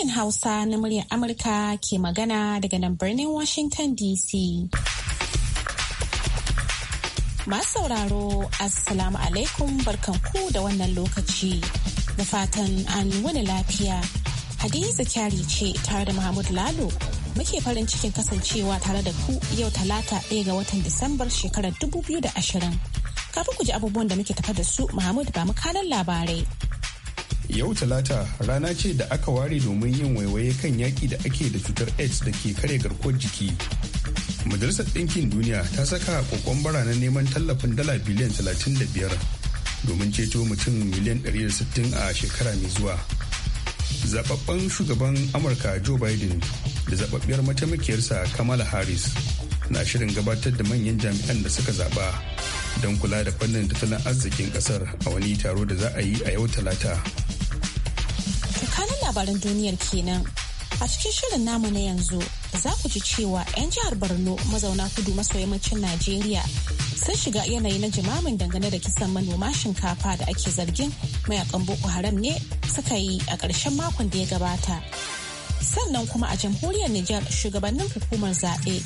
sashen Hausa na muryar Amurka ke magana daga nan birnin Washington DC. Masu sauraro, Assalamu alaikum barkanku da wannan lokaci. Da fatan an wani lafiya. Hadiza kyari ce tare da Mahmud Lalo. Muke farin cikin kasancewa tare da ku yau talata ɗaya ga watan Disambar shekarar 2020. Kafin ku ji abubuwan da muke tafa da su Mahmud ba mu kanan labarai. yau talata rana ce da aka ware domin yin waiwaye kan yaƙi da ake da cutar aids da ke kare garkuwar jiki majalisar ɗinkin duniya ta saka kokon baranen neman tallafin dala biliyan 35 domin ceto mutum miliyan 160 a shekara mai zuwa zaɓaɓɓen shugaban amurka joe biden da zababbiyar mataimakiyarsa kamala harris na shirin gabatar da manyan jami'an da suka zaɓa don kula da fannin tattalin arzikin ƙasar a wani taro da za a yi a yau talata labaran duniyar kenan. A cikin shirin namu na yanzu za ku ji cewa 'yan jihar Borno mazauna kudu maso yammacin Najeriya sun shiga yanayi na jimamin dangane da kisan manoma shinkafa da ake zargin mayakan Boko Haram ne suka yi a ƙarshen makon da ya gabata. Sannan kuma a jamhuriyar Nijar shugabannin hukumar zaɓe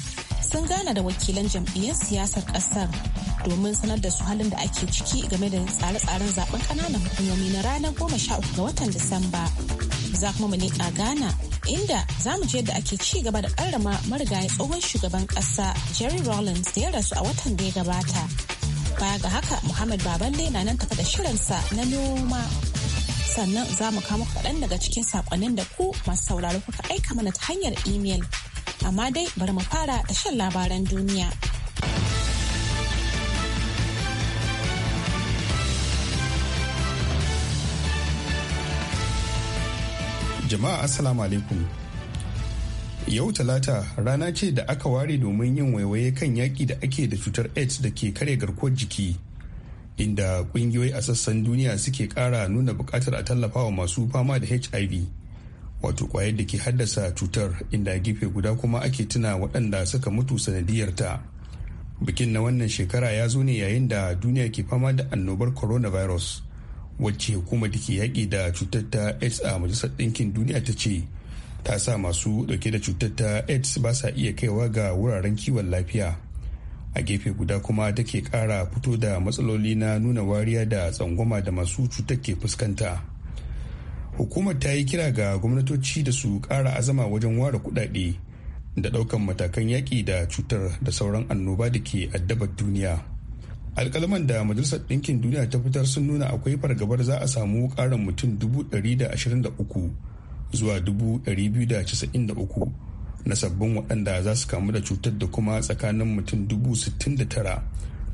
sun gana da wakilan jam'iyyar siyasar ƙasar domin sanar da su halin da ake ciki game da tsare-tsaren zaɓen ƙananan hukumomi na ranar 13 ga watan Disamba. za kuma mu a Ghana inda za mu je da ake ci gaba da karrama marigayi tsohon shugaban ƙasa Jerry Rawlings da ya rasu a watan da ya gabata. Baya ga haka Muhammad Baballe na nan tafa da shirinsa na noma. Sannan za mu kama kaɗan daga cikin saƙonnin da ku masu sauraro kuka aika mana ta hanyar imel. Amma dai bari mu fara da shan labaran duniya. Jama'a Assalamu alaikum. Yau Talata rana ce da aka ware domin yin waiwaye kan yaƙi da ake da cutar AIDS da ke kare garkuwar jiki. Inda ƙungiyoyi a sassan duniya suke ƙara nuna buƙatar a tallafawa masu fama da HIV. Wato ƙwayar da ke haddasa cutar inda gefe guda kuma ake tuna waɗanda suka mutu sanadiyarta. Bikin na wannan shekara ya zo ne yayin da duniya ke fama da annobar coronavirus. wacce hukumar da ke yaƙi da cutar ta aids a majalisar ɗinkin duniya ta ce ta sa masu ɗauke da cutar ta aids ba sa iya kaiwa ga wuraren kiwon lafiya a gefe guda kuma ta ke ƙara fito da matsaloli na nuna wariya da tsangwama da masu cutar ke fuskanta hukumar ta yi kira ga gwamnatoci da su ƙara azama wajen ware kuɗaɗe da ɗaukan matakan yaƙi da cutar da sauran annoba da ke addabar duniya. alkalman da majalisar ɗinkin duniya ta fitar sun nuna akwai fargabar za a samu ƙarin mutum 123 zuwa 293 na sabbin waɗanda za su kamu da cutar da kuma tsakanin mutum 69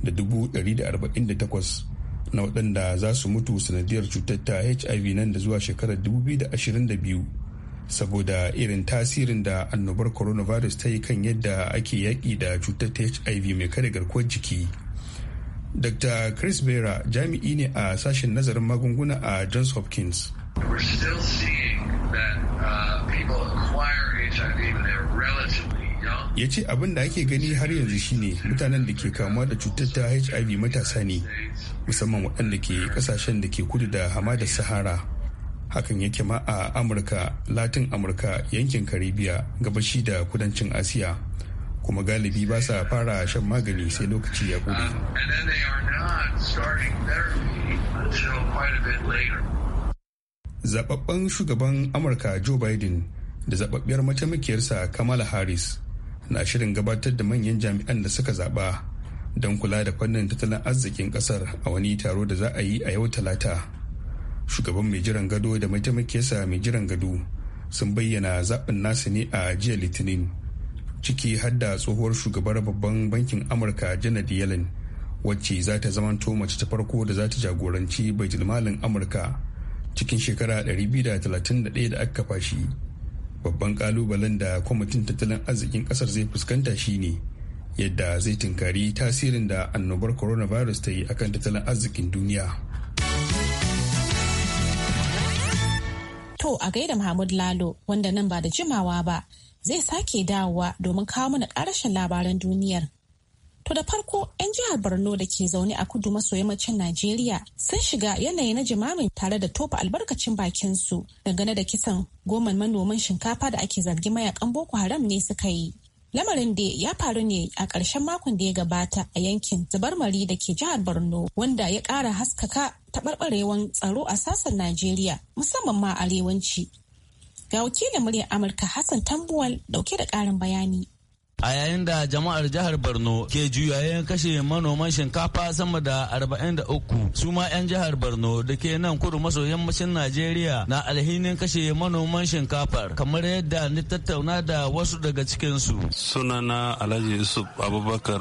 da 148 na waɗanda za su mutu sanadiyar cutar ta hiv nan da zuwa shekarar 2022 saboda irin tasirin da annobar coronavirus ta yi kan yadda ake yaƙi da cutar ta hiv mai kare garkuwar jiki Dr. Chris Vera jami'i ne a sashen nazarin magunguna a Johns Hopkins. Uh, ya ce abin da ake gani har yanzu shine mutanen da ke kamuwa da cutar ta hiv matasa ne musamman waɗanda ke ƙasashen da ke kudu da hamada sahara hakan yake ma a amurka latin amurka yankin karibiya gabashi da kudancin asiya kuma galibi ba sa fara shan magani sai lokaci ya kure. Zababben shugaban Amurka Joe Biden da zababbiyar mataimakiyarsa Kamala Harris na shirin gabatar da manyan jami'an da suka zaba don kula da fannin tattalin arzikin kasar a wani taro da za a yi a yau talata. Shugaban mai jiran gado da mataimakiyarsa mai jiran gado sun bayyana zaɓin nasu ne a jiya Litinin. ciki hadda tsohuwar shugabar babban bankin amurka janet yellen wacce za ta zama mace ta farko da za ta jagoranci baitulmalin amurka cikin shekara 231 da aka kafa shi babban kalubalen da kwamitin tattalin arzikin kasar zai fuskanta shine yadda zai tunkari tasirin da annobar coronavirus ta yi akan tattalin arzikin duniya to a gaida mahmud lalo wanda nan ba da jimawa ba zai sake dawowa domin kawo mana ƙarashin labaran duniyar. To da farko 'yan jihar Borno da ke zaune a kudu maso yammacin Najeriya sun shiga yanayi na jimamin tare da tofa albarkacin bakin su dangane da kisan goma manoman shinkafa da ake zargi mayakan Boko Haram ne suka yi. Lamarin da ya faru ne a ƙarshen makon da ya gabata a yankin Zubarmari da ke jihar Borno wanda ya ƙara haskaka taɓarɓarewan tsaro a sassan Najeriya musamman ma arewanci Ga wakilin muryar Amurka Hassan Tambuwal dauke da ƙarin bayani. a yayin da jama'ar jihar borno ke juyayen kashe manoman shinkafa sama da 43 su ma 'yan jihar borno da ke nan kudu maso yammacin najeriya na alhinin kashe manoman shinkafar kamar yadda ni tattauna da wasu daga cikinsu sunana alhaji yusuf abubakar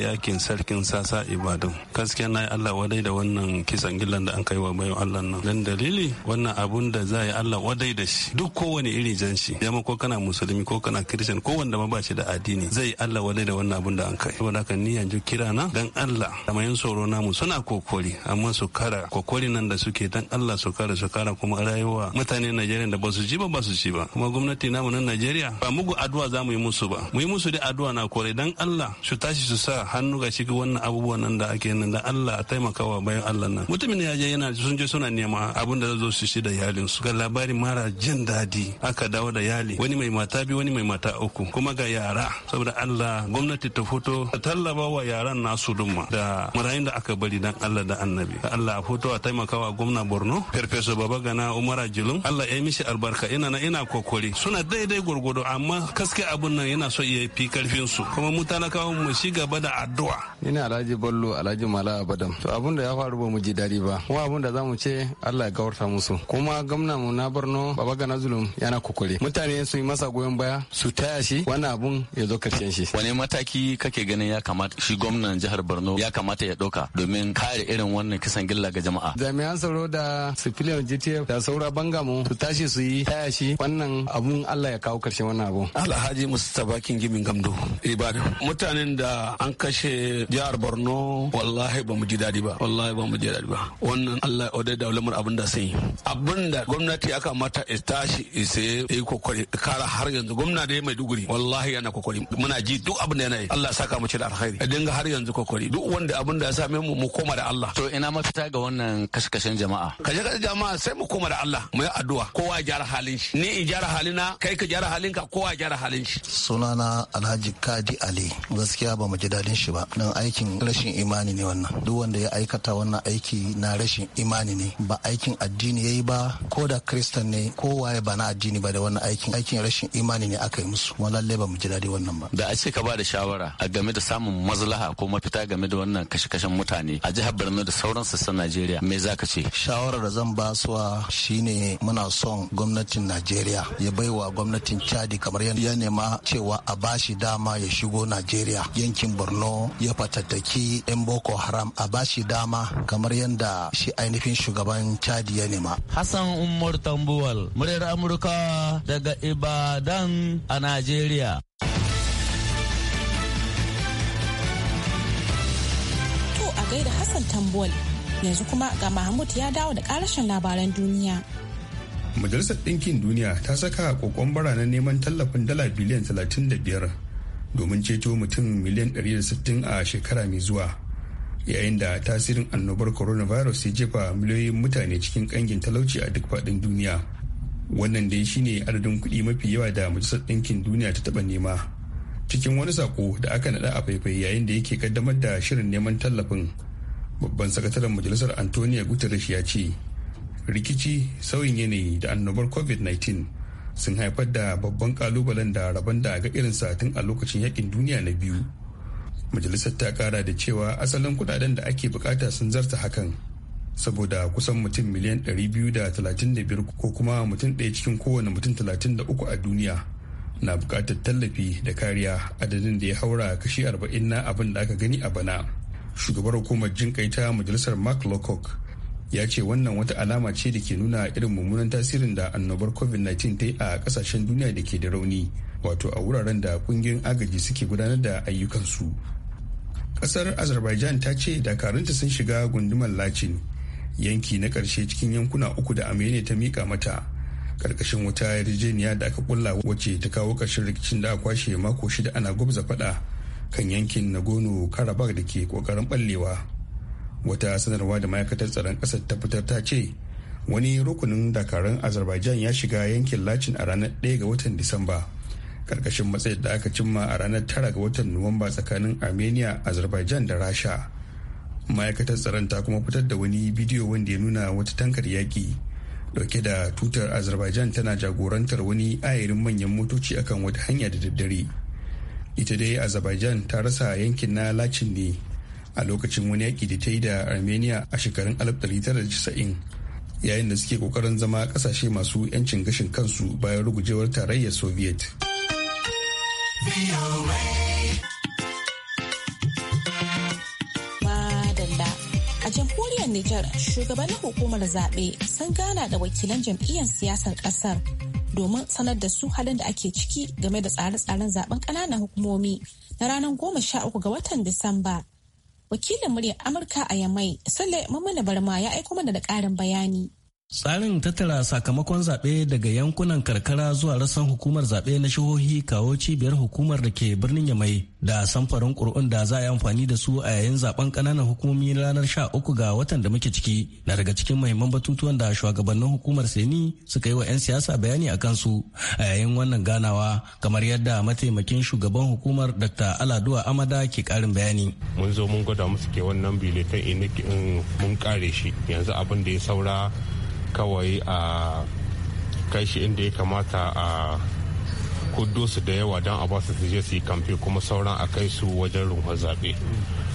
yakin sarkin sasa ibadan gaskiya na yi allah wadai da wannan kisan gillan da an kai wa bayan allah nan dan dalili wannan abun da zai yi allah wadai da shi duk kowane iri jan shi ko kana musulmi ko kana kristiyan ko wanda ma ba shi da adi addini zai Allah wale da wannan abun da an kai saboda haka ni yanzu kira na dan Allah soro tsoro namu suna kokori amma su kara kokori nan da suke dan Allah su kara su kara kuma rayuwa mutane Najeriya da ba su ji ba ba su ci ba kuma gwamnati namu na Najeriya ba mugu addu'a za mu yi musu ba mu yi musu da addu'a na kore dan Allah su tashi su sa hannu ga shiga wannan abubuwan nan da ake nan da Allah taimakawa bayan Allah nan mutumin ya je yana sun je suna nema abun da zo su ci da yalin su ga labarin mara jin dadi aka dawo da yali wani mai mata biyu wani mai mata uku kuma ga yara saboda Allah gwamnati ta fito ta tallaba wa yaran nasu dumma da marayun da aka bari dan Allah da annabi Allah fito a taimakawa gwamna Borno Farfesa Baba Gana Umara Jilun Allah ya mishi albarka ina na ina kokori suna daidai gurgudu amma kaske abun nan yana so ya fi karfin su kuma mu kawo mu shi gaba da addu'a ni ne Alhaji Bello Alhaji Mala Abadam to abun da ya faru ba mu ji dadi ba kuma abun da zamu ce Allah ya gawarta musu kuma gwamna mu na Borno Baba Gana Zulum yana kokori mutane sun yi masa goyon baya su taya shi wannan abun ya zo karshen shi wani mataki kake ganin ya kamata shi gwamnan jihar borno ya kamata ya ɗauka domin kare irin wannan kisan gilla ga jama'a jami'an tsaro da civilian gtf da saura bangamu su tashi su yi taya shi wannan abun allah ya kawo karshen wannan abu alhaji mustapha Gimin gamdo ibadan mutanen da an kashe jihar borno wallahi ba mu ji daɗi ba wallahi ba mu ji daɗi ba wannan allah ya da lamar abin da sai abin da gwamnati ya kamata ya tashi ya yi kokari kara har yanzu gwamna da duguri. maiduguri wallahi yana kokari muna ji duk abin da yanayi Allah saka mu ci da alkhairi a dinga har yanzu kokari duk wanda abin da ya same mu mu koma da Allah to ina mafita ga wannan kashe-kashen jama'a kashe-kashen jama'a sai mu koma da Allah mu yi addu'a kowa ya gyara halin shi ni in gyara halina kai ka gyara halinka kowa ya gyara halin shi sunana Alhaji Kadi Ali gaskiya ba mu ji dadin shi ba dan aikin rashin imani ne wannan duk wanda ya aikata wannan aiki na rashin imani ne ba aikin addini yayi ba ko da kristan ne kowa ya ba na addini ba da wannan aikin aikin rashin imani ne aka yi musu wallahi ba mu ji dadi wannan nan ba da a ce ka ba da shawara a game da samun maslaha ko mafita game da wannan kashe-kashen mutane a jihar Borno da sauran sassan Najeriya me zaka ce shawarar da zan ba suwa shine muna son gwamnatin Najeriya ya baiwa gwamnatin Chadi kamar ya nema cewa a bashi dama ya shigo Najeriya yankin Borno ya fatattaki 'yan Boko Haram a bashi dama kamar yadda shi ainihin shugaban Chadi ya nema Hassan Umar Tambuwal muryar Amurka daga Ibadan a Najeriya a gaida Hassan Tambol. Yanzu kuma ga Mahmud ya dawo da karashin labaran duniya. Majalisar Ɗinkin Duniya ta saka kokon baranen neman tallafin dala biliyan 35 domin ceto mutum miliyan 160 a shekara mai zuwa. Yayin da tasirin annobar coronavirus ya jefa miliyoyin mutane cikin kangin talauci a duk faɗin duniya. Wannan dai shine adadin kuɗi mafi yawa da Majalisar Ɗinkin Duniya ta taɓa nema. cikin wani sako da aka nada a faifai yayin da yake kaddamar da shirin neman tallafin babban sakataren majalisar antonio guterres ya ce rikici sauyin yanayi da annobar covid-19 sun haifar da babban kalubalen da rabon da ga irin satin a lokacin yakin duniya na biyu majalisar ta kara da cewa asalin kudaden da ake bukata sun zarta hakan saboda kusan mutum miliyan 235 ko kuma mutum ɗaya cikin kowane mutum 33 a duniya na bukatar tallafi da kariya adadin da ya haura kashi 40 na abin da aka gani a bana shugabar hukumar jinkai ta majalisar mark lowcock ya ce wannan wata alama ce da ke nuna irin mummunan tasirin da annobar covid-19 ta yi a kasashen duniya da ke da rauni wato a wuraren da kungiyoyin agaji suke gudanar da ayyukansu kasar azerbaijan ta ce dakarunta sun shiga gundumar lacin yanki na karshe cikin yankuna uku da armenia ta mika mata karkashin wata yarjejeniya da aka kulla wacce ta kawo ƙarshen rikicin da aka kwashe mako shida ana gwabza faɗa kan yankin nagorno karabakh da ke ƙoƙarin ɓallewa wata sanarwa da ma'aikatar tsaron ƙasar ta fitar ta ce wani rukunin dakarun azerbaijan ya shiga yankin lacin a ranar 1 ga watan disamba karkashin matsayin da aka cimma a ranar 9 ga watan nuwamba tsakanin armenia azerbaijan da rasha ma'aikatar tsaron ta kuma fitar da wani bidiyo wanda ya nuna wata tankar yaƙi dauke da tutar azerbaijan tana jagorantar wani ayarin manyan motoci akan wata hanya da daddare ita dai azerbaijan ta rasa yankin na lacin ne a lokacin wani yaki da ta yi da armenia a shekarun 1990 yayin da suke kokarin zama kasashe masu 'yancin gashin kansu bayan rugujewar tarayyar soviet. Nijar shugabannin hukumar zaɓe sun gana da wakilan jam'iyyar siyasar ƙasar domin sanar da su halin da ake ciki game da tsare-tsaren zaben ƙananan hukumomi na ranar goma sha uku ga watan Disamba. Wakilin muryar Amurka a Yamai, Sule Mamman Barma ya aiko mana da ƙarin bayani. Tsarin tattara sakamakon zaɓe daga yankunan karkara zuwa rassan hukumar zaɓe na shihohi kawo cibiyar hukumar da ke birnin Yamai da samfarin ƙuri'un da za a yi amfani da su a yayin zaben ƙananan hukumomi ranar sha uku ga watan da muke ciki na daga cikin mahimman batutuwan da shugabannin hukumar Seni suka yi wa 'yan siyasa bayani a kansu a yayin wannan ganawa kamar yadda mataimakin shugaban hukumar Dr. Aladuwa Amada ke ƙarin bayani. Mun zo mun gwada musu ke wannan biletan in mun kare shi yanzu abin da ya saura kawai a kai shi inda ya kamata a kuddo su da yawa don a ba su je su yi kamfe kuma sauran a kai su wajen rumfar zaɓe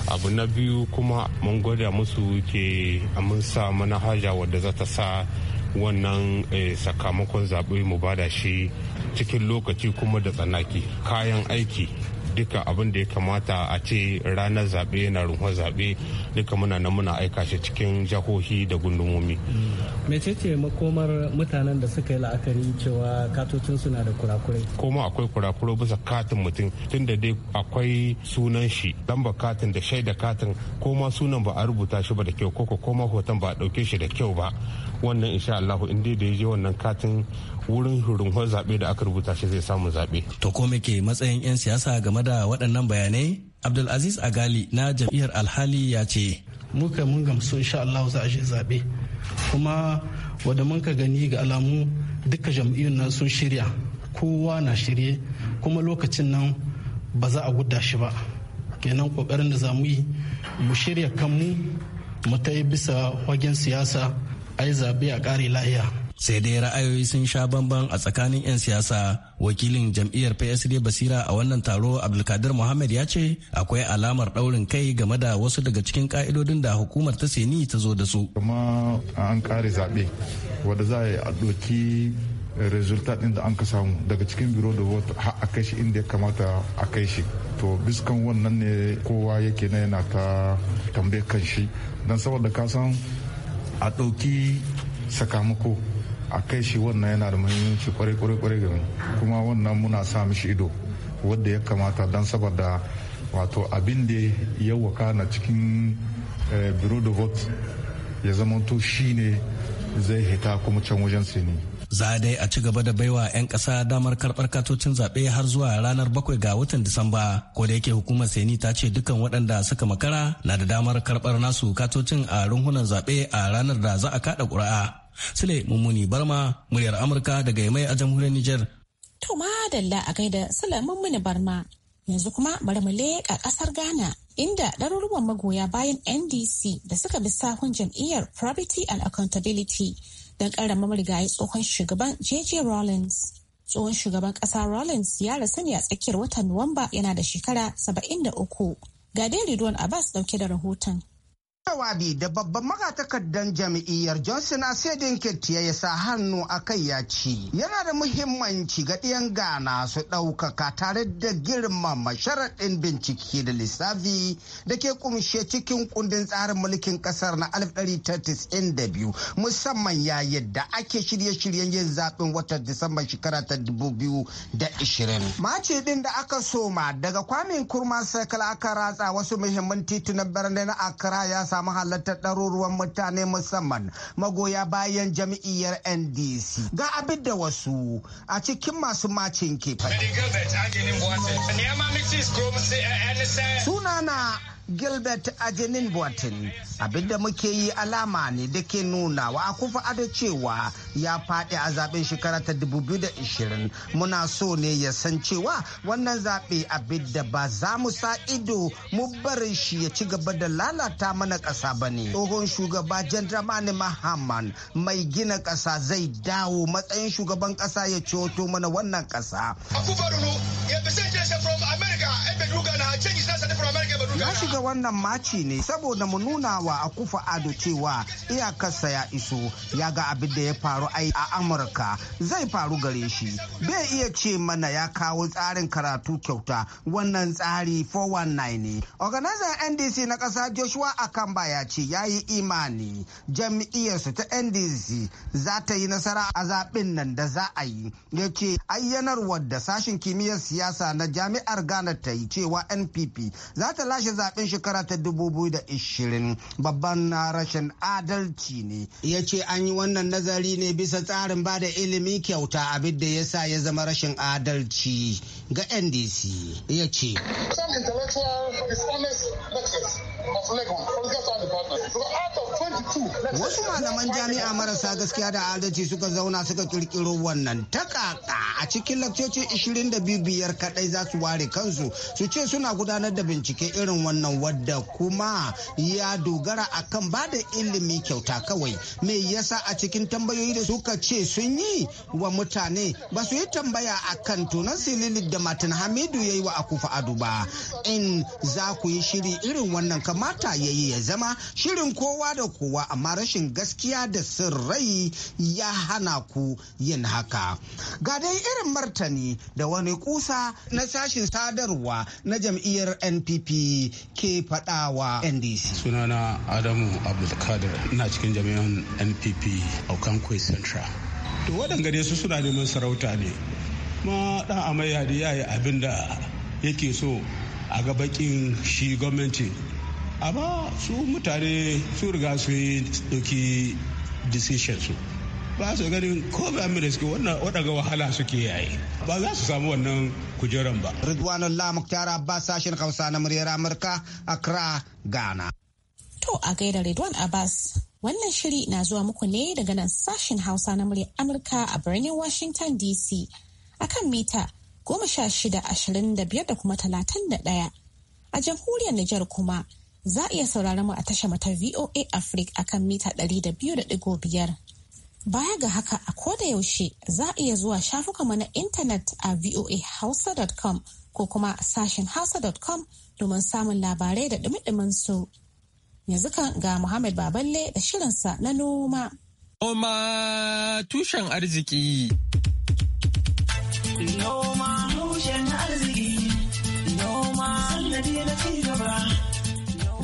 abu na biyu kuma mun gwada musu ke mun sa haja wadda za ta sa wannan eh, sakamakon zaɓe mu bada shi cikin lokaci kuma da tsanaki kayan aiki duka abin da ya kamata a ce ranar zaɓe na runhon zaɓe duka muna nan muna aika shi cikin jahohi da gundumomi. mecece makomar mutanen da suka yi la'akari cewa katocin suna da kurakurai koma akwai kurakurai bisa katin mutum tun da dai akwai sunan shi lambar katin da shaida katin koma sunan ba a rubuta shi ba da kyau koko koma hoton ba a ɗauke shi da kyau ba wannan insha Allah in dai da ya je wannan katin wurin hurunhon zaɓe da aka rubuta shi zai samu zaɓe. To ko ke matsayin 'yan siyasa game da waɗannan bayanai? Abdulaziz Agali na jam'iyyar Alhali ya ce. Muka mun gamsu insha Allah za a je zaɓe. Kuma wanda mun ka gani ga alamu duka jam'iyyun nan sun shirya. Kowa na shirye kuma lokacin nan ba za a guda shi ba. Kenan kokarin da za mu yi mu shirya kanmu mu ta bisa hagen siyasa a zabe a kare lahiya. sai dai ra'ayoyi sun sha bamban a tsakanin 'yan siyasa wakilin jam'iyyar psd basira a wannan taro abdulkadir muhammad ya ce akwai alamar daurin kai game da wasu daga cikin ka'idodin da hukumar ta seni ta zo da su kuma an kare zaɓe wadda za a doki resultat ɗin da an ka samu daga cikin biro da vote har a kai shi inda ya kamata a kai shi to biskan wannan ne kowa yake na yana ta tambayar kan shi don saboda ka san a ɗauki sakamako a kai shi wannan yana da muhimmanci kwarai kwarai kwarai mu kuma wannan muna sa mishi ido wadda ya kamata don saboda wato abin da ya na cikin eh, bureau de vote ya zama to shi ne zai hita kuma can wajen sini za dai a ci gaba da baiwa 'yan ƙasa damar karbar katocin zaɓe har zuwa ranar bakwai ga watan disamba ko da yake hukumar seni ta ce dukkan waɗanda suka makara na da damar karbar nasu katocin a runhunan zaɓe a ranar da za a kaɗa ƙuri'a sule mummuni barma muryar amurka daga yamai a jamhuriyar niger to madalla a gaida sule mummuni barma yanzu kuma bari mu leƙa ƙasar ghana inda ɗaruruwan magoya bayan ndc da suka bi sahun jam'iyyar probity and accountability don karama marigayi tsohon shugaban J.J. Rawlings. Tsohon shugaban ƙasa Rawlings ya rasu ne a tsakiyar watan Nuwamba yana da shekara 73. Ga dai Ridwan Abbas dauke da rahoton. jawabi da babban magatakardan jam'iyyar johnson a asedin kirtiya, ya sa hannu a kai ya ci. yana da muhimmanci ga ɗiyan gana su ɗaukaka tare da girmama sharaɗin bincike da lissafi da ke kumshe cikin kundin tsarin mulkin ƙasar na 1992 musamman yayin da ake shirye-shiryen yin zaɓen watan disamba shekara ta da 2020 mace ɗin da aka soma daga kwamin kurma sakala aka ratsa wasu muhimman titunan birnin akra ya samu halartar ɗaruruwan mutane musamman magoya bayan jam'iyyar ndc ga abin da wasu a cikin masu macin ke sunana Gilbert Ajenin Boatin abinda muke yi alama ne da ke nuna wa kufa ado cewa ya faɗi a zaben shekara ta 2020 muna so ne ya san cewa wannan zaɓe abinda ba za mu sa ido mu barin shi ya ci gaba da lalata mana ƙasa ba ne. Tsohon shugaba Jandramani Mahaman mai gina ƙasa zai dawo matsayin shugaban ƙasa ya ciwoto mana wannan ƙasa. Akufo Addo, ya from America. ya shiga wannan maci ne saboda mu nuna wa akufa ado cewa iyakarsa ya iso ya ga abin da ya faru ai a amurka zai faru gare shi bai iya ce mana ya kawo tsarin karatu kyauta wannan tsari 419 ne organizer ndc na kasa joshua akamba ya ce ya yi imani jam'iyyarsu ta ndc za ta yi nasara a zaɓen nan da za a yi ya ce ayyanarwar da sashen kimiyyar siyasa na jami'ar ghana ta yi cewa npp za ta lashe ci zaben shekara ta da 2020 babban na rashin adalci ne ya ce an yi wannan nazari ne bisa tsarin ba da ilimi kyauta abin da ya sa ya zama rashin adalci ga ndc ya ce of from just department. So out of Wasu malaman jami'a marasa gaskiya da adalci suka zauna suka kirkiro wannan takaka a cikin lakcoci 22 biyar kadai za su ware kansu su ce suna gudanar da bincike irin wannan wadda kuma ya dogara akan ba da ilimi kyauta kawai. Me yasa a cikin tambayoyi da suka ce sun yi wa mutane ba su yi tambaya akan tunan silili da matan Hamidu ya yi wa akufa ado ba. In za ku yi shiri irin wannan kamata ya yi ya zama shirin kowa da kowa amma rashin gaskiya da sirrai ya hana ku yin haka ga dai irin martani da wani kusa na sashin sadarwa na jam'iyyar npp ke fadawa ndc sunana adamu abdulkadir ina cikin jami'an npp aukankwe central to waɗanga su suna neman sarauta ne ma ɗan amai da ya yi abin da yake so a gabakin shi gwamnati amma su mutane su riga su yi ɗauki decision su ba su ganin ko ba mu da suke wahala suke yayi ba za su samu wannan kujeran ba. Ridwanullah Muktar ba sashen Hausa na muryar Amurka Accra Ghana. To a gaida Ridwan Abbas wannan shiri na zuwa muku ne daga nan sashen Hausa na muryar Amurka a birnin Washington DC akan mita goma sha shida ashirin da biyar da kuma talatin da ɗaya a jamhuriyar Nijar kuma za a iya saurara mu a tasha mata VOA Africa akan mita 200.5. Baya ga haka a koda yaushe za a iya zuwa shafukanmu na intanet a voahausa.com ko kuma a sashen hausa.com domin samun labarai da dumi su. Yanzu kan ga Muhammad Baballe da shirinsa na noma. Oma tushen arziki. Noma tushen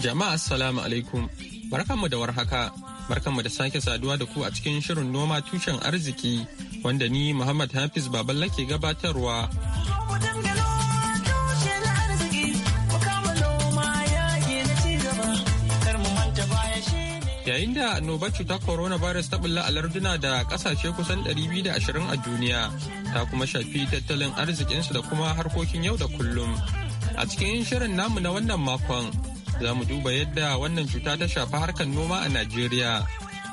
Jama'a assalamu alaikum. Barkanmu da warhaka. Barkanmu da sake saduwa da ku a cikin shirin noma tushen arziki wanda ni Muhammad Hafiz Baballa ke gabatarwa. Yayin da annobar cutar coronavirus ta bulla a larduna da kasashe kusan 220 a duniya ta kuma shafi tattalin arzikinsu da kuma harkokin yau da kullum. A cikin shirin namu na wannan makon za mu duba yadda wannan cuta ta shafi harkar noma a Najeriya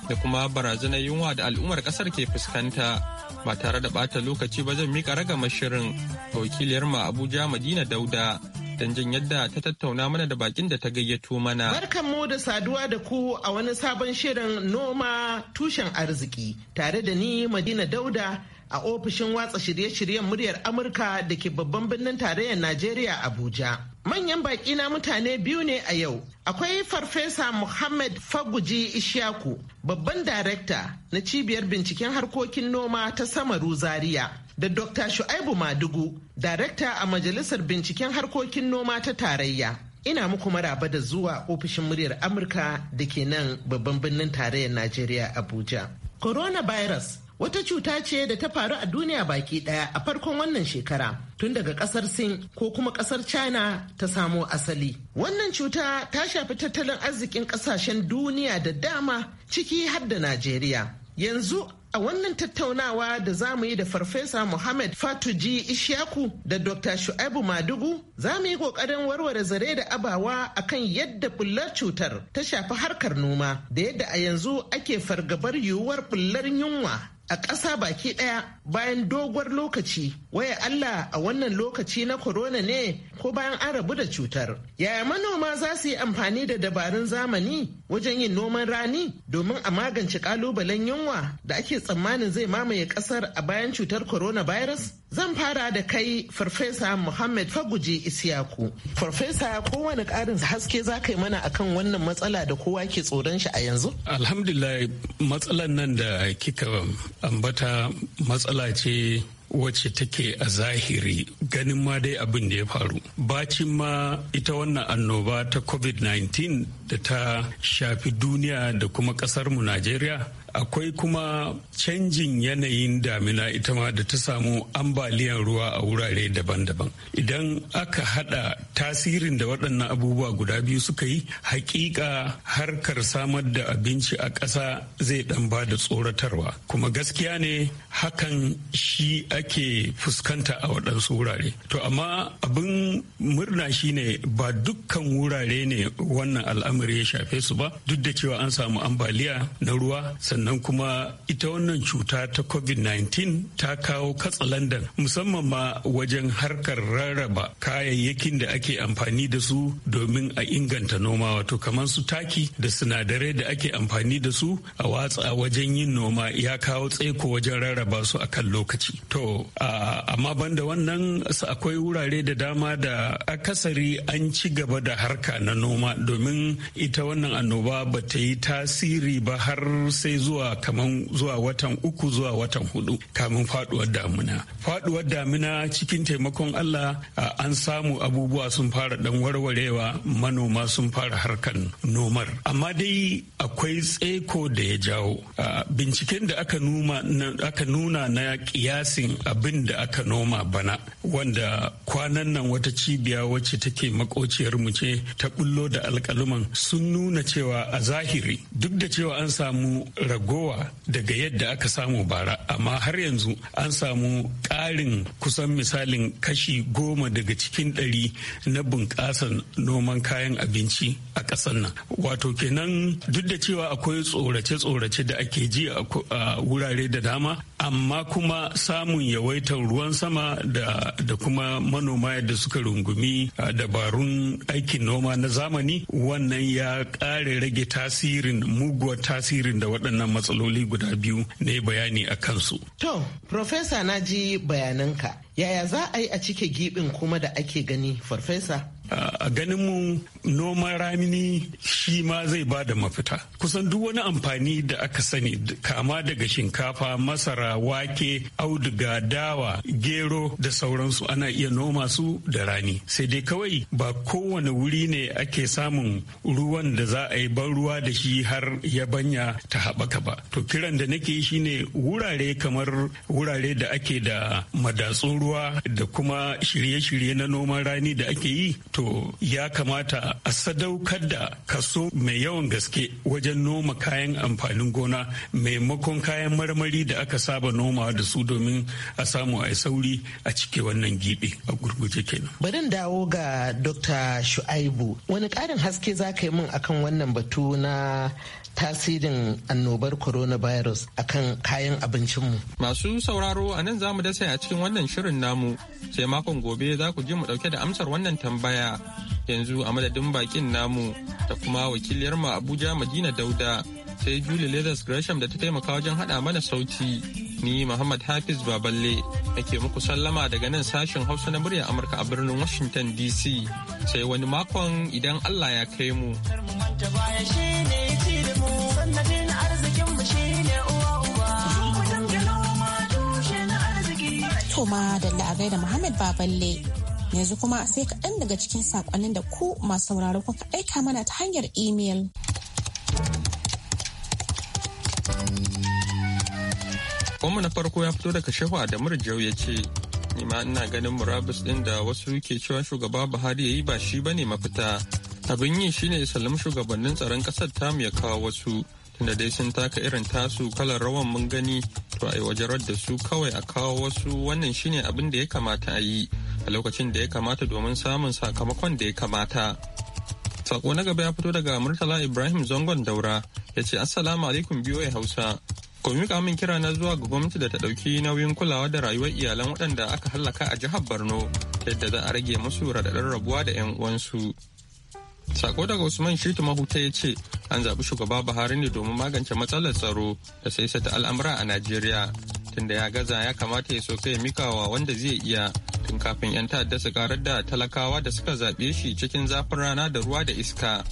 da kuma barazanar yunwa da al'ummar kasar ke fuskanta ba tare da bata lokaci ba zan mika ragama shirin ga wakiliyar mu Abuja Madina Dauda don jin yadda ta tattauna mana da bakin da ta gayyato mana. Barkan mu da saduwa da ku a wani sabon shirin noma tushen arziki tare da ni Madina Dauda a ofishin watsa shirye-shiryen muryar Amurka da ke babban birnin tarayyar Najeriya Abuja. Manyan baƙi na mutane biyu ne a yau. Akwai Farfesa Muhammad Faguji Ishaku, babban darekta na cibiyar binciken harkokin noma ta Samaru Zaria. Da Dr. Shu'aibu Madugu, darekta a Majalisar Binciken Harkokin Noma ta Tarayya. Ina muku maraba da zuwa ofishin muryar Amurka da ke nan babban birnin tarayyar Najeriya Abuja. Coronavirus wata cuta ce da ta faru a duniya baki daya a farkon wannan shekara tun daga kasar sin ko kuma kasar china ta samo asali wannan cuta ta shafi tattalin arzikin kasashen duniya da dama ciki har da najeriya yanzu a wannan tattaunawa da za mu yi da farfesa Muhammad Fatuji Ishaku da Dr. Shu'aibu Madugu za mu yi kokarin warware zare da abawa akan yadda bullar cutar ta shafi harkar noma da yadda a yanzu ake fargabar yiwuwar bullar yunwa a ƙasa baki ɗaya bayan doguwar lokaci waya Allah a wannan lokaci na korona ne ko bayan an rabu da cutar. Yaya manoma za su yi amfani da dabarun zamani wajen yin noman rani domin a magance ƙalubalen yunwa da ake tsammanin zai mamaye ƙasar a bayan cutar virus? Zan fara da kai Farfesa Muhammad Faguje Isiyaku. Farfesa kowane ƙarin haske za ka yi mana akan wannan matsala da kowa ke tsoron shi a yanzu? Alhamdulillah matsalan nan da kika ambata matsala ce wacce take a zahiri ganin ma dai abin da ya faru bacin ma ita wannan annoba ta covid-19 da ta shafi duniya da kuma kasarmu najeriya akwai kuma canjin yanayin damina ita ma da ta samu ambaliyan ruwa a wurare daban-daban idan aka hada tasirin da waɗannan abubuwa guda biyu suka yi hakika harkar samar da abinci a ƙasa zai ɗan ba da tsoratarwa kuma gaskiya ne hakan shi ake fuskanta a waɗansu wurare to amma abin murna shine ba dukkan wurare ne wannan al'amari ya shafe su ba duk da cewa an samu ambaliya na ruwa sannan kuma ita wannan cuta ta covid-19 ta kawo katsa katsalandan musamman ma wajen harkar rarraba kayayyakin da ake amfani da su domin a inganta noma wato kamar su taki da sinadarai da ake amfani da su a watsa wajen yin noma ya kawo tsaiko wajen rarraba su a kan lokaci to amma banda wannan su akwai wurare da dama da akasari an ci gaba da harka na noma domin ita wannan annoba ba ta yi tasiri ba har sai zuwa zuwa kaman zuwa watan uku zuwa watan hudu kamin faduwar damina faduwar damina cikin taimakon allah an samu abubuwa sun fara dan warwarewa manoma sun fara harkan nomar amma dai akwai tseko da ya jawo binciken da aka nuna na kiyasin abin da aka noma bana wanda kwanan nan wata cibiya wacce take makociyarmu ce ta bullo da alkaluman sun nuna cewa a zahiri duk da cewa an samu ragowa daga yadda aka samu bara amma har yanzu an samu tsarin kusan misalin kashi goma daga cikin ɗari na bunƙasar noman kayan abinci a ƙasar nan wato kenan duk da cewa akwai tsorace-tsorace da ake ji a wurare da dama amma kuma samun yawaitar ruwan sama da kuma manoma yadda suka rungumi dabarun aikin noma na zamani wannan ya ƙare rage tasirin muguwar tasirin da waɗannan matsaloli guda biyu ne bayani a kansu. To, Profesa na bayananka yaya za a yi a cike gibin kuma da ake gani farfesa a ganin mu noman ramini shi ma zai ba da mafita kusan duk wani amfani da aka sani kama daga shinkafa masara wake auduga dawa gero da sauransu ana iya noma su da rani sai dai kawai ba kowane wuri ne ake samun ruwan da za a yi ban ruwa da shi har ya banya ta haɓaka ba to kiran da nake ne wurare kamar wurare da ake da madatsun ruwa da kuma shirye-shirye na noman rani da ake yi to to ya kamata a sadaukar da kaso mai yawan gaske wajen noma kayan amfanin gona maimakon kayan marmari da aka saba noma da su domin a samu a sauri a cike wannan gibe a gurguje kenan. Bari dawo ga Dr. Shu'aibu wani karin haske za ka yi min akan wannan batu na tasirin annobar coronavirus akan kayan abincinmu. Masu sauraro a nan za mu dasa a cikin wannan shirin namu sai makon gobe za ku ji mu ɗauke da amsar wannan tambaya. Yanzu a madadin bakin namu da kuma wakiliyar mu Abuja Madina Dauda sai Julie Leathers Gresham da ta taimaka wajen hada mana sauti. Ni Muhammad Hafiz Baballe Ake muku sallama daga nan sashen Hausa na murya Amurka a birnin Washington DC. Sai wani makon idan Allah ya kai mu. To ma da la'agai da Muhammad Baballe. Yanzu kuma sai kaɗan daga cikin saƙonnin da ku masu sauraro kuka aika mana ta hanyar imel. Kuma na farko ya fito daga Shehu Adamu Jau ya ce, Ni ina ganin murabus ɗin da wasu ke cewa shugaba Buhari ya yi ba shi ba ne mafita. Abin yi shine salim shugabannin tsaron ƙasar tamu ya kawo wasu. tunda dai sun taka irin tasu kalar rawan mun gani to a yi wajarar da su kawai a kawo wasu wannan shine abin da ya kamata a yi a lokacin da ya kamata domin samun sakamakon da ya kamata. Sako na gaba ya fito daga Murtala Ibrahim Zangon Daura ya ce Assalamu alaikum biyoyi Hausa. Komika min kira na zuwa ga gwamnati da ta ɗauki nauyin kulawa da rayuwar iyalan waɗanda aka hallaka a jihar Borno yadda za a rage musu raɗaɗin rabuwa da 'yan uwansu. Sako daga Usman Shitu Mahuta ya ce an zaɓi shugaba Buhari ne domin magance matsalar tsaro da sai ta al'amura a Najeriya. tunda ya gaza ya kamata ya sosai mikawa wanda zai iya tun kafin 'yan ta'adda su karar da talakawa da suka zaɓe shi cikin zafin rana da ruwa da iska.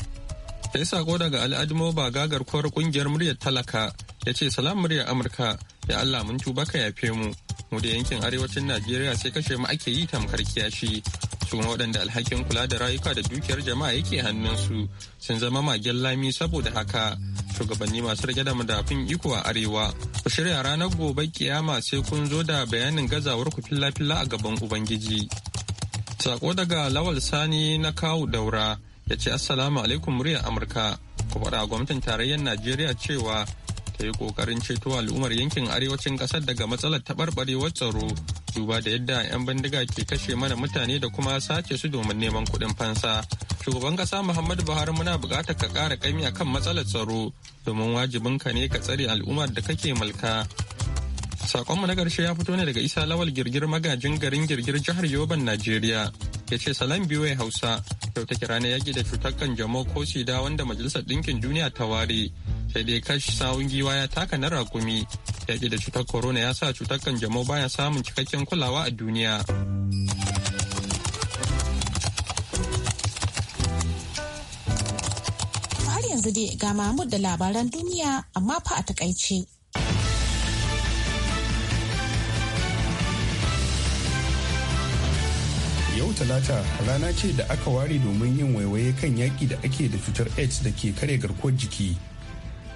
Sai sako daga al'admo ba kwar kungiyar muryar talaka ya ce salam muryar Amurka ya Allah mun tuba ka yafe mu. Mu da yankin arewacin Najeriya sai kashe mu ake yi tamkar kiyashi kafin wadanda waɗanda alhakin kula da rayuka da dukiyar jama'a yake hannunsu sun zama magen lami saboda haka shugabanni masu rage da madafin iko a arewa ku shirya ranar gobe kiyama sai kun zo da bayanin gazawar ku filla-filla a gaban ubangiji sako daga lawal sani na kawu daura ya ce assalamu alaikum murya amurka ku faɗa gwamnatin tarayyar najeriya cewa ta yi ƙoƙarin ceto al'ummar yankin arewacin ƙasar daga matsalar taɓarɓarewar tsaro duba da yadda 'yan bindiga ke kashe mana mutane da kuma sace su domin neman kuɗin fansa shugaban ƙasa muhammadu buhari muna buƙatar ka ƙara ƙaimi akan matsalar tsaro domin wajibin ka ne ka tsare al'ummar da kake mulka Sakonmu na ƙarshe ya fito ne daga Isa Lawal Girgir magajin garin Girgir jihar Yoban Najeriya. Ya ce salam ya Hausa yau kira ranar yaƙi da cutar kanjamau ko sida wanda Majalisar Ɗinkin Duniya ta ware. Sai dai kashi sawun giwa ya taka na rakumi yaƙi da cutar corona ya sa cutar kanjamau baya samun cikakken kulawa a duniya. Har yanzu dai ga Mahmud da labaran duniya amma fa a takaice. yau talata rana ce da aka ware domin yin waiwaye kan yaƙi da ake da cutar aids da ke kare garkuwar jiki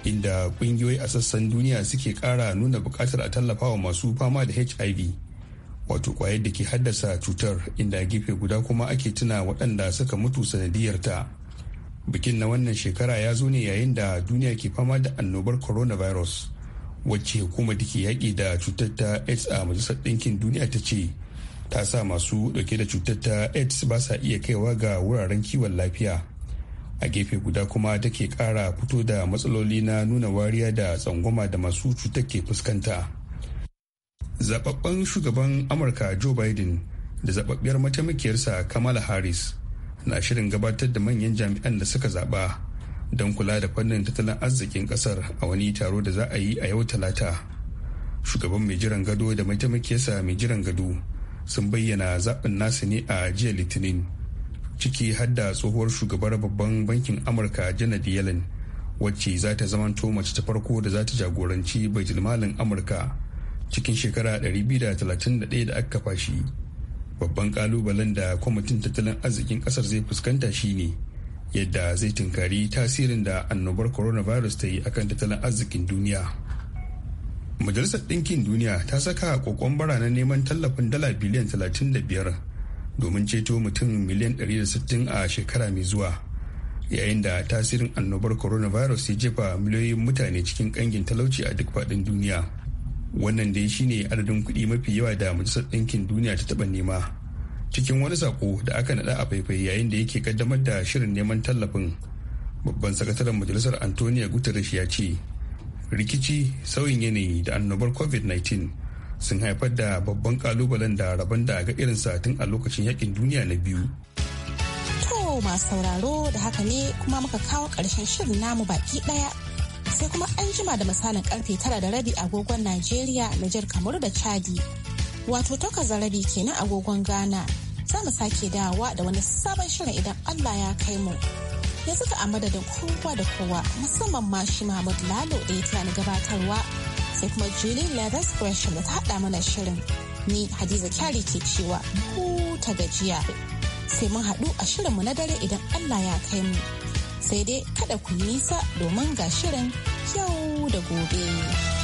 inda kungiyoyi a sassan duniya suke kara nuna bukatar a tallafawa masu fama da hiv wato kwayar da ke haddasa cutar inda gefe guda kuma ake tuna waɗanda suka mutu sanadiyarta bikin na wannan shekara ya zo ne yayin da duniya ke fama da annobar coronavirus wacce hukumar da ke yaƙi da cutar ta aids a majalisar ɗinkin duniya ta ce ta sa masu ɗauke da cutar ta aids ba sa iya kaiwa ga wuraren kiwon lafiya a gefe guda kuma take kara fito da matsaloli na nuna wariya da tsangwama da masu cuta ke fuskanta zababben shugaban amurka joe biden da zababbiyar mataimakiyarsa kamala harris na shirin gabatar da manyan jami'an da suka zaba don kula da fannin tattalin arzikin kasar a wani taro da za a yi a yau talata shugaban mai jiran gado da mataimakiyarsa mai jiran gado sun bayyana zaɓin nasu ne a jiya litinin ciki hadda tsohuwar shugabar babban bankin amurka janet yellen wacce za ta zama mace ta farko da za ta jagoranci bajilmalin amurka cikin shekara 231 da aka kafa shi babban kalubalen da kwamitin tattalin arzikin kasar zai fuskanta shine yadda zai tunkari tasirin da annobar coronavirus ta yi akan tattalin arzikin duniya majalisar ɗinkin duniya ta saka kokon na neman tallafin dala biliyan 35 domin ceto mutum miliyan 160 a shekara mai zuwa yayin da tasirin annobar coronavirus ya jefa miliyoyin mutane cikin kangin talauci a duk faɗin duniya wannan dai shine adadin kuɗi mafi yawa da majalisar ɗinkin duniya ta taɓa nema cikin wani sako da aka naɗa a faifai yayin da yake kaddamar da shirin neman tallafin babban sakataren majalisar antonio guterres ya ce rikici sauyin yanayi da annobar covid-19 sun haifar da babban kalubalen da rabon da ga irin satin a lokacin yakin duniya na biyu. To masu sauraro da haka ne kuma muka kawo ƙarshen shirin namu baki ɗaya sai kuma an jima da misalin karfe tara da rabi agogon Najeriya, Nijar Kamaru da Chadi. Wato takwas da rabi kenan agogon Ghana. Za mu sake dawowa da wani sabon shirin idan Allah ya kai mu. Yanzu ka a madadin kowa da kowa musamman ma shi Mahmud Lalo da ya gabatarwa. sai kuma Julie Leathers Gresham da ta haɗa mana shirin. Ni Hadiza Kyari ke cewa ta gajiya. Sai mun haɗu a shirinmu na dare idan Allah ya kai mu. Sai dai kada ku nisa domin ga shirin yau da gobe.